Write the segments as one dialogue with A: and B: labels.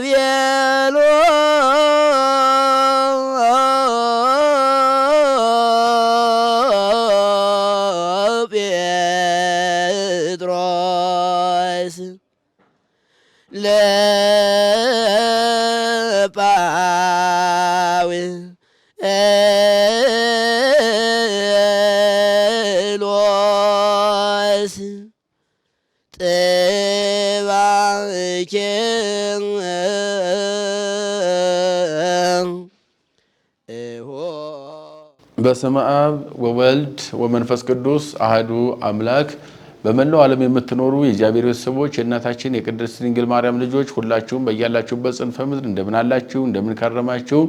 A: ¡Bien! በስመ አብ ወወልድ ወመንፈስ ቅዱስ አህዱ አምላክ። በመላው ዓለም የምትኖሩ የእግዚአብሔር ቤተሰቦች የእናታችን የቅድስት ድንግል ማርያም ልጆች ሁላችሁም በያላችሁበት ጽንፈ ምድር እንደምን አላችሁ? እንደምን ከረማችሁ?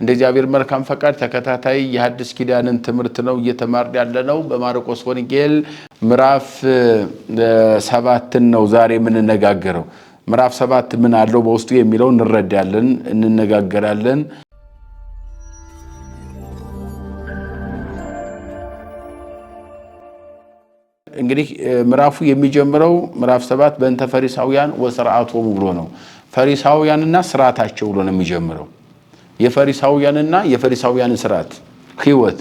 A: እንደ እግዚአብሔር መልካም ፈቃድ ተከታታይ የሐዲስ ኪዳንን ትምህርት ነው እየተማርን ነው። በማርቆስ ወንጌል ምዕራፍ ሰባትን ነው ዛሬ የምንነጋገረው። ምዕራፍ ሰባት ምን አለው በውስጡ የሚለው እንረዳለን፣ እንነጋገራለን። እንግዲህ ምዕራፉ የሚጀምረው ምዕራፍ ሰባት በእንተ ፈሪሳውያን ወስርዓቶሙ ብሎ ነው። ፈሪሳውያንና ስርዓታቸው ብሎ ነው የሚጀምረው። የፈሪሳውያንና የፈሪሳውያን ስርዓት ህይወት፣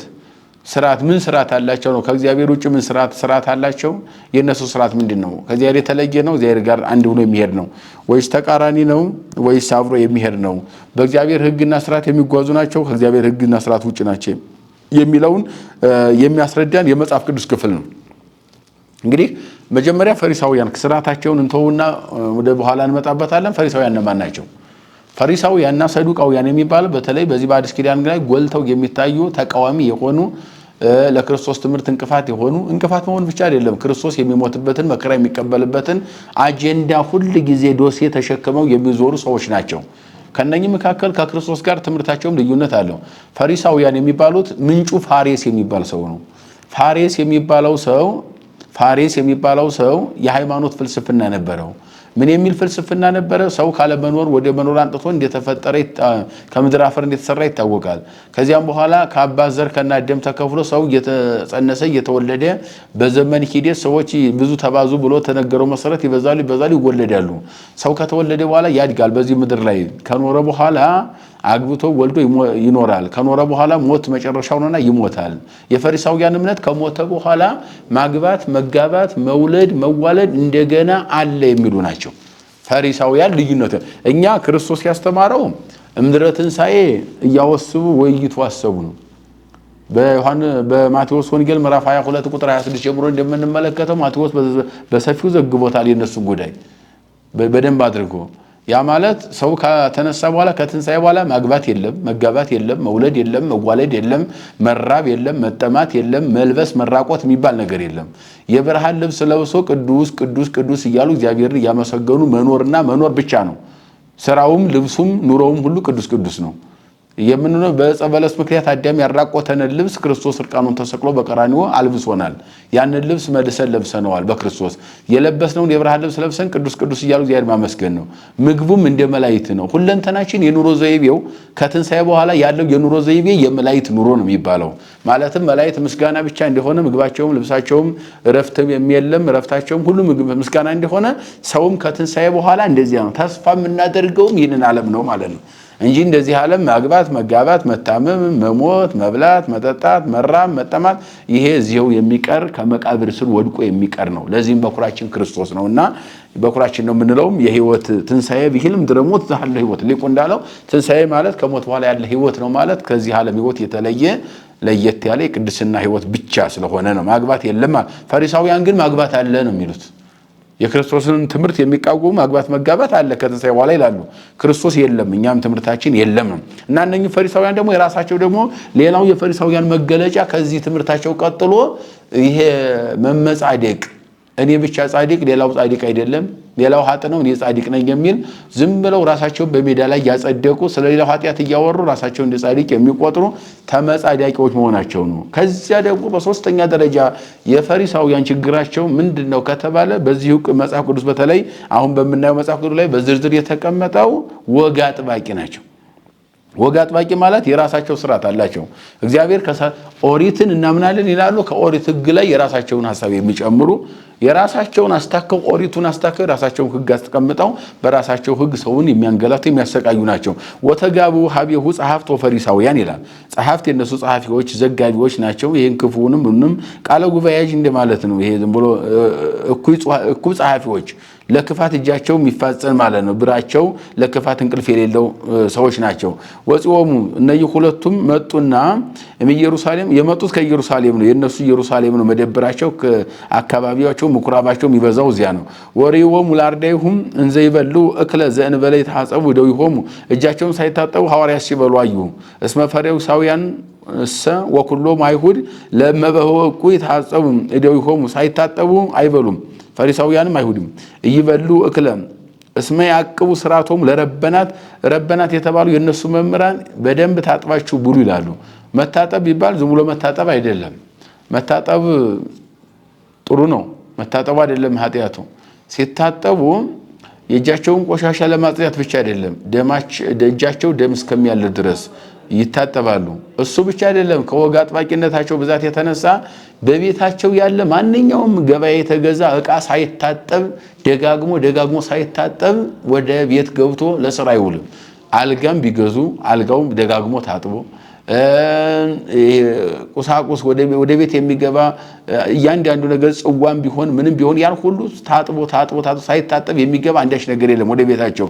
A: ስርዓት ምን ስርዓት አላቸው ነው። ከእግዚአብሔር ውጭ ምን ስርዓት ስርዓት አላቸው? የእነሱ ስርዓት ምንድን ነው? ከእግዚአብሔር የተለየ ነው? እግዚአብሔር ጋር አንድ ሆኖ የሚሄድ ነው ወይስ ተቃራኒ ነው? ወይስ አብሮ የሚሄድ ነው? በእግዚአብሔር ህግና ስርዓት የሚጓዙ ናቸው? ከእግዚአብሔር ህግና ስርዓት ውጭ ናቸው? የሚለውን የሚያስረዳን የመጽሐፍ ቅዱስ ክፍል ነው። እንግዲህ መጀመሪያ ፈሪሳውያን ስርዓታቸውን እንተውና ወደ በኋላ እንመጣበታለን። ፈሪሳውያን እነማን ናቸው? ፈሪሳውያንና ሰዱቃውያን የሚባል በተለይ በዚህ በአዲስ ኪዳን ላይ ጎልተው የሚታዩ ተቃዋሚ የሆኑ ለክርስቶስ ትምህርት እንቅፋት የሆኑ እንቅፋት መሆን ብቻ አይደለም፣ ክርስቶስ የሚሞትበትን መከራ የሚቀበልበትን አጀንዳ ሁል ጊዜ ዶሴ ተሸክመው የሚዞሩ ሰዎች ናቸው። ከነኚህ መካከል ከክርስቶስ ጋር ትምህርታቸውም ልዩነት አለው። ፈሪሳውያን የሚባሉት ምንጩ ፋሬስ የሚባል ሰው ነው። ፋሬስ የሚባለው ሰው ፋሪስ የሚባለው ሰው የሃይማኖት ፍልስፍና ነበረው። ምን የሚል ፍልስፍና ነበረ? ሰው ካለመኖር ወደ መኖር አንጥቶ እንደተፈጠረ ከምድር አፈር እንደተሰራ ይታወቃል። ከዚያም በኋላ ከአባት ዘር ከናደም ተከፍሎ ሰው እየተጸነሰ እየተወለደ በዘመን ሂደት ሰዎች ብዙ ተባዙ ብሎ ተነገረው መሰረት ይበዛሉ ይበዛሉ ይወለዳሉ። ሰው ከተወለደ በኋላ ያድጋል። በዚህ ምድር ላይ ከኖረ በኋላ አግብቶ ወልዶ ይኖራል። ከኖረ በኋላ ሞት መጨረሻው ነውና ይሞታል። የፈሪሳውያን እምነት ከሞተ በኋላ ማግባት፣ መጋባት፣ መውለድ፣ መዋለድ እንደገና አለ የሚሉ ናቸው። ፈሪሳውያን ልዩነት እኛ ክርስቶስ ያስተማረው እምድረ ትንሣኤ እያወስቡ ወይይቱ አሰቡ ነው። በማቴዎስ ወንጌል ምዕራፍ 22 ቁጥር 26 ጀምሮ እንደምንመለከተው ማቴዎስ በሰፊው ዘግቦታል የእነሱን ጉዳይ በደንብ አድርጎ ያ ማለት ሰው ከተነሳ በኋላ ከትንሣኤ በኋላ ማግባት የለም፣ መጋባት የለም፣ መውለድ የለም፣ መዋለድ የለም፣ መራብ የለም፣ መጠማት የለም፣ መልበስ መራቆት የሚባል ነገር የለም። የብርሃን ልብስ ለብሶ ቅዱስ ቅዱስ ቅዱስ እያሉ እግዚአብሔርን እያመሰገኑ መኖርና መኖር ብቻ ነው። ስራውም ልብሱም ኑሮውም ሁሉ ቅዱስ ቅዱስ ነው። የምንለው በዕፀ በለስ ምክንያት አዳም ያራቆተንን ልብስ ክርስቶስ እርቃኑን ተሰቅሎ በቀራኒዎ አልብሶናል። ያንን ልብስ መልሰን ለብሰነዋል። በክርስቶስ የለበስነውን የብርሃን ልብስ ለብሰን ቅዱስ ቅዱስ እያሉ እግዚአብሔር ማመስገን ነው። ምግቡም እንደ መላይት ነው። ሁለንተናችን የኑሮ ዘይቤው ከትንሣኤ በኋላ ያለው የኑሮ ዘይቤ የመላይት ኑሮ ነው የሚባለው። ማለትም መላይት ምስጋና ብቻ እንደሆነ ምግባቸውም፣ ልብሳቸውም፣ እረፍትም የለም እረፍታቸውም ሁሉ ምስጋና እንደሆነ ሰውም ከትንሣኤ በኋላ እንደዚያ ነው። ተስፋ የምናደርገውም ይህንን ዓለም ነው ማለት ነው። እንጂ እንደዚህ ዓለም ማግባት፣ መጋባት፣ መታመም፣ መሞት፣ መብላት፣ መጠጣት፣ መራም፣ መጠማት ይሄ እዚሁ የሚቀር ከመቃብር ስር ወድቆ የሚቀር ነው። ለዚህም በኩራችን ክርስቶስ ነው እና በኩራችን ነው የምንለውም የህይወት ትንሣኤ ብሂል ድረሞት ሞት ዛለ ህይወት ሊቁ እንዳለው ትንሣኤ ማለት ከሞት በኋላ ያለ ህይወት ነው ማለት ከዚህ ዓለም ህይወት የተለየ ለየት ያለ የቅድስና ህይወት ብቻ ስለሆነ ነው። ማግባት የለም። ፈሪሳውያን ግን ማግባት አለ ነው የሚሉት። የክርስቶስን ትምህርት የሚቃወሙ አግባት መጋባት አለ ከትንሣኤ በኋላ ይላሉ። ክርስቶስ የለም እኛም ትምህርታችን የለም ነው እና እነኚህ ፈሪሳውያን ደግሞ የራሳቸው ደግሞ ሌላው የፈሪሳውያን መገለጫ ከዚህ ትምህርታቸው ቀጥሎ ይሄ መመጻደቅ እኔ ብቻ ጻድቅ ሌላው ጻድቅ አይደለም፣ ሌላው ሀጥ ነው እኔ ጻድቅ ነኝ የሚል ዝም ብለው ራሳቸውን በሜዳ ላይ ያጸደቁ ስለ ሌላው ኃጢአት እያወሩ ራሳቸው እንደ ጻድቅ የሚቆጥሩ ተመጻዳቂዎች መሆናቸው ነው። ከዚያ ደግሞ በሶስተኛ ደረጃ የፈሪሳውያን ችግራቸው ምንድን ነው ከተባለ ውቅ መጽሐፍ ቅዱስ በተለይ አሁን በምናየው መጽሐፍ ቅዱስ ላይ በዝርዝር የተቀመጠው ወግ አጥባቂ ናቸው። ወግ አጥባቂ ማለት የራሳቸው ስርዓት አላቸው። እግዚአብሔር ኦሪትን እናምናለን ይላሉ። ከኦሪት ህግ ላይ የራሳቸውን ሀሳብ የሚጨምሩ የራሳቸውን አስታከው ኦሪቱን አስታከው የራሳቸውን ህግ አስቀምጠው በራሳቸው ህግ ሰውን የሚያንገላቱ የሚያሰቃዩ ናቸው። ወተጋቡ ሀቤሁ ጸሐፍት ወፈሪሳውያን ይላል። ጸሐፍት የነሱ ጸሐፊዎች ዘጋቢዎች ናቸው። ይህን ክፉንም ምንም ቃለ ጉባኤያጅ እንደማለት ነው። ይሄ ዝም ብሎ እኩይ ጸሐፊዎች ለክፋት እጃቸው የሚፋጸን ማለት ነው። ብራቸው ለክፋት እንቅልፍ የሌለው ሰዎች ናቸው። ወፂኦሙ እነዚህ ሁለቱም መጡና ኢየሩሳሌም የመጡት ከኢየሩሳሌም ነው። የእነሱ ኢየሩሳሌም ነው መደብራቸው፣ አካባቢያቸው፣ ምኩራባቸው የሚበዛው እዚያ ነው። ወሬወሙ ላርዳይሁም እንዘይበሉ እክለ ዘእንበለ የተሐጸቡ ደዊሆሙ እጃቸውን ሳይታጠቡ ሐዋርያት ሲበሉ አዩ። እስመ ፈሪሳውያን እሰ ወኩሎም አይሁድ ለመበወቁ የተሐጸቡ እደዊሆሙ ሳይታጠቡ አይበሉም። ፈሪሳውያንም አይሁድም እይበሉ እክለ እስመ ያቅቡ ስርዓቶም ለረበናት ረበናት የተባሉ የእነሱ መምህራን በደንብ ታጥባችሁ ብሉ ይላሉ። መታጠብ ቢባል ዝም ብሎ መታጠብ አይደለም። መታጠብ ጥሩ ነው። መታጠቡ አይደለም ኃጢአቱ። ሲታጠቡ የእጃቸውን ቆሻሻ ለማጽዳት ብቻ አይደለም፣ እጃቸው ደም እስከሚያለ ድረስ ይታጠባሉ። እሱ ብቻ አይደለም፣ ከወግ አጥባቂነታቸው ብዛት የተነሳ በቤታቸው ያለ ማንኛውም ገበያ የተገዛ እቃ ሳይታጠብ ደጋግሞ ደጋግሞ ሳይታጠብ ወደ ቤት ገብቶ ለስራ አይውልም። አልጋም ቢገዙ አልጋውም ደጋግሞ ታጥቦ ቁሳቁስ ወደ ቤት የሚገባ እያንዳንዱ ነገር ጽዋም ቢሆን ምንም ቢሆን ያን ሁሉ ታጥቦ ታጥቦ ታጥቦ ሳይታጠብ የሚገባ አንዳች ነገር የለም ወደ ቤታቸው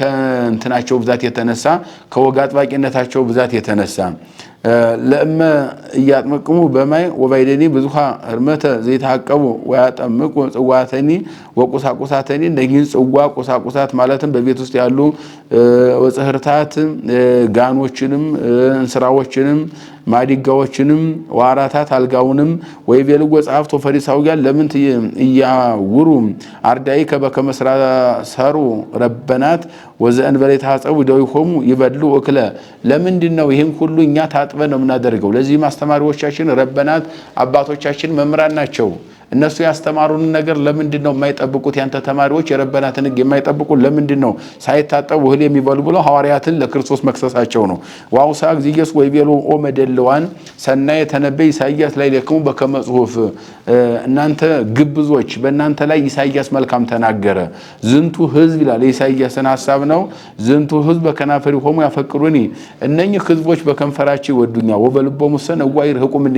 A: ከእንትናቸው ብዛት የተነሳ ከወግ አጥባቂነታቸው ብዛት የተነሳ ለእመ እያጥመቅሙ በማይ ወባይደኒ ብዙሃ ህርመተ ዘይታቀቡ ወያጠምቁ ጽዋተኒ ወቁሳቁሳተኒ እነዚህን ጽዋ ቁሳቁሳት ማለትም በቤት ውስጥ ያሉ ወፅህርታት ጋኖችንም እንስራዎችንም ማዲጋዎችንም ዋራታት አልጋውንም ወይ ወይቤልዎ ጸሐፍቶ ፈሪሳውያን ለምንት እያውሩ አርዳኢከ በከመ ሰሩ ረበናት ወዘን ወዘእንበለ የታጸቡ ይሆሙ ይበድሉ እክለ። ለምንድን ነው ይህም ሁሉ እኛ ታጥበ ነው የምናደርገው? ለዚህ አስተማሪዎቻችን ረበናት አባቶቻችን መምህራን ናቸው። እነሱ ያስተማሩን ነገር ለምንድን ነው የማይጠብቁት? ያንተ ተማሪዎች የረበናትን ሕግ የማይጠብቁ ለምንድን ነው ሳይታጠቡ እህል የሚበሉ ብለው ሐዋርያትን ለክርስቶስ መክሰሳቸው ነው። ዋውሳ እግዚአብሔር ወይቤሎ ኦ መደልዋን ሰናየ ተነበይ ኢሳይያስ ላይ ለከሙ በከመ ጽሑፍ እናንተ ግብዞች በእናንተ ላይ ኢሳይያስ መልካም ተናገረ። ዝንቱ ህዝብ ይላል የኢሳይያስን ሀሳብ ነው። ዝንቱ ህዝብ በከናፈሪ በከናፈሪሆሙ ያፈቅሩኒ፣ እነኚህ ህዝቦች በከንፈራቸው ይወዱኛል። ወበልቦሙ ሰነ እዋይ ይርሕቁምኒ፣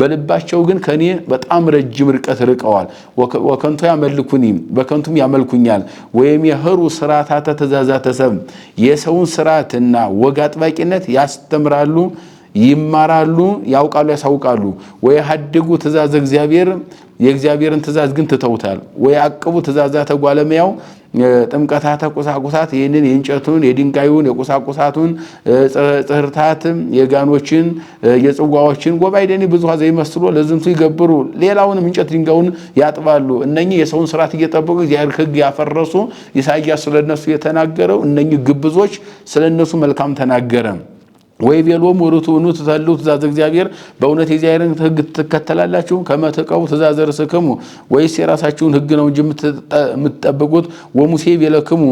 A: በልባቸው ግን ከኔ በጣም ረጅም ርቀት ርቀዋል። ወከንቱ ያመልኩኒ፣ በከንቱም ያመልኩኛል። ወይም የህሩ ስርዓታተ ትእዛዛተ ሰብ፣ የሰውን ስርዓትና ወግ አጥባቂነት ያስተምራሉ ይማራሉ፣ ያውቃሉ፣ ያሳውቃሉ። ወይ ሀድጉ ትእዛዝ እግዚአብሔር የእግዚአብሔርን ትእዛዝ ግን ትተውታል። ወይ አቅቡ ትእዛዛተ ጓለሙያው ጥምቀታተ ቁሳቁሳት ይህንን የእንጨቱን የድንጋዩን የቁሳቁሳቱን ጽህርታት የጋኖችን የጽዋዎችን ደኒ ብዙ ዘይመስሎ ለዝንቱ ይገብሩ ሌላውንም እንጨት ድንጋዩን ያጥባሉ። እነኚህ የሰውን ስርዓት እየጠበቁ እግዚአብሔር ሕግ ያፈረሱ ኢሳያስ ስለነሱ የተናገረው እነኚህ ግብዞች ስለነሱ መልካም ተናገረ። ወይ ቤሎም ወሩቱ ኑ ተታሉ ትእዛዝ እግዚአብሔር በእውነት የእግዚአብሔርን ሕግ ትከተላላችሁ ከመተቀው ትእዛዝ ርስክሙ ወይስ የራሳችሁን ሕግ ነው እንጂ የምትጠብቁት? ወሙሴ ቤለክሙ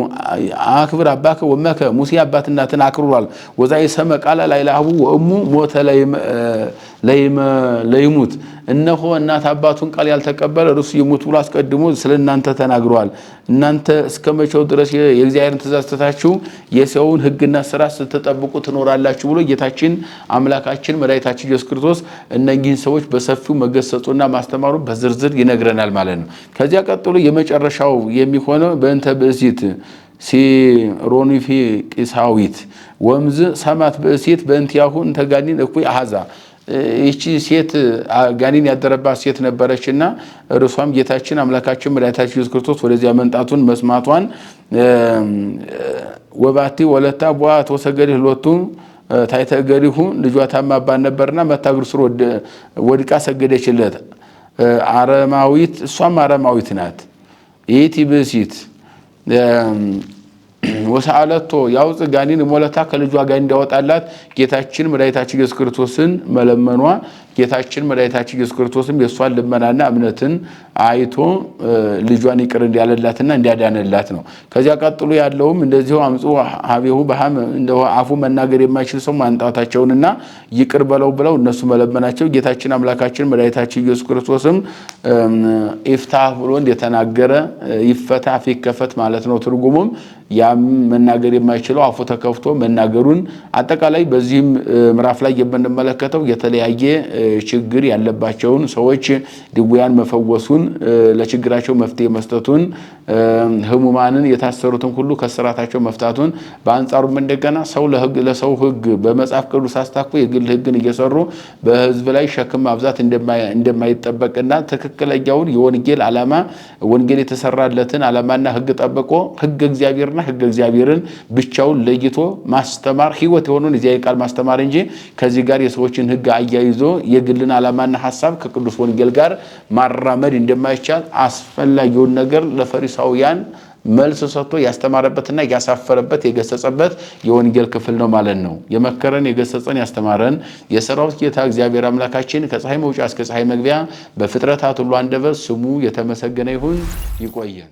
A: አክብር አባከ ወመከ ሙሴ አባት እናትን አክብሯል። ወዛ የሰመ ቃለ ላዕለ አቡሁ ወእሙ ሞተ ለይሙት እነሆ እናት አባቱን ቃል ያልተቀበለ እርሱ ይሙት ብሎ አስቀድሞ ስለ እናንተ ተናግሯል። እናንተ እስከ መቼው ድረስ የእግዚአብሔርን ትእዛዝ ትታችሁ የሰውን ሕግና ስራ ስትጠብቁ ትኖራላችሁ ብሎ ጌታችን አምላካችን መድኃኒታችን ኢየሱስ ክርስቶስ እነኚህን ሰዎች በሰፊው መገሰጹና ማስተማሩ በዝርዝር ይነግረናል ማለት ነው። ከዚያ ቀጥሎ የመጨረሻው የሚሆነው በእንተ ብእሲት ሲሮኒፊ ቂሳዊት ወምዝ ሰማት ብእሲት በእንቲያሁ እንተጋኒን እኩይ አሃዛ ይቺ ሴት ጋኔን ያደረባት ሴት ነበረች እና እርሷም ጌታችን አምላካችን መድኃኒታችን ኢየሱስ ክርስቶስ ወደዚያ መምጣቱን መስማቷን ወባቲ ወለታ ቧ ተወሰገድ ህሎቱ ታይተ እገሪሁ ልጇ ታማባን ነበርና መታግር ስር ወድቃ ሰገደችለት። አረማዊት እሷም አረማዊት ናት ይእቲ ብእሲት ወሰአለቶ ያውፅ ጋኔን ሞለታ ከልጇ ጋር እንዳወጣላት ጌታችን መድኃኒታችን ኢየሱስ ክርስቶስን መለመኗ ጌታችን መድኃኒታችን ኢየሱስ ክርስቶስም የእሷን ልመናና እምነትን አይቶ ልጇን ይቅር እንዲያለላትና እንዲያዳነላት ነው። ከዚያ ቀጥሎ ያለውም እንደዚሁ አምፁ ሀቤሁ በሃም አፉ መናገር የማይችል ሰው ማንጣታቸውንና ይቅር በለው ብለው እነሱ መለመናቸው ጌታችን አምላካችን መድኃኒታችን ኢየሱስ ክርስቶስም ኢፍታህ ብሎ እንደተናገረ ይፈታ ፊከፈት ማለት ነው። ትርጉሙም ያም መናገር የማይችለው አፉ ተከፍቶ መናገሩን አጠቃላይ በዚህም ምዕራፍ ላይ የምንመለከተው የተለያየ ችግር ያለባቸውን ሰዎች ድውያን መፈወሱን፣ ለችግራቸው መፍትሄ መስጠቱን፣ ህሙማንን የታሰሩትን ሁሉ ከስራታቸው መፍታቱን፣ በአንጻሩም እንደገና ሰው ለሰው ህግ በመጽሐፍ ቅዱስ አስታኩ የግል ህግን እየሰሩ በህዝብ ላይ ሸክም ማብዛት እንደማይጠበቅና ትክክለኛውን የወንጌል ዓላማ ወንጌል የተሰራለትን ዓላማና ህግ ጠብቆ ህግ እግዚአብሔርና ህግ እግዚአብሔርን ብቻውን ለይቶ ማስተማር ህይወት የሆነውን የዚያ ቃል ማስተማር እንጂ ከዚህ ጋር የሰዎችን ህግ አያይዞ የግልን ዓላማና ሀሳብ ከቅዱስ ወንጌል ጋር ማራመድ እንደማይቻል አስፈላጊውን ነገር ለፈሪሳውያን መልስ ሰጥቶ ያስተማረበትና ያሳፈረበት የገሰጸበት የወንጌል ክፍል ነው ማለት ነው። የመከረን የገሰጸን ያስተማረን የሰራዊት ጌታ እግዚአብሔር አምላካችን ከፀሐይ መውጫ እስከ ፀሐይ መግቢያ በፍጥረታት ሁሉ አንደበት ስሙ የተመሰገነ ይሁን። ይቆየን።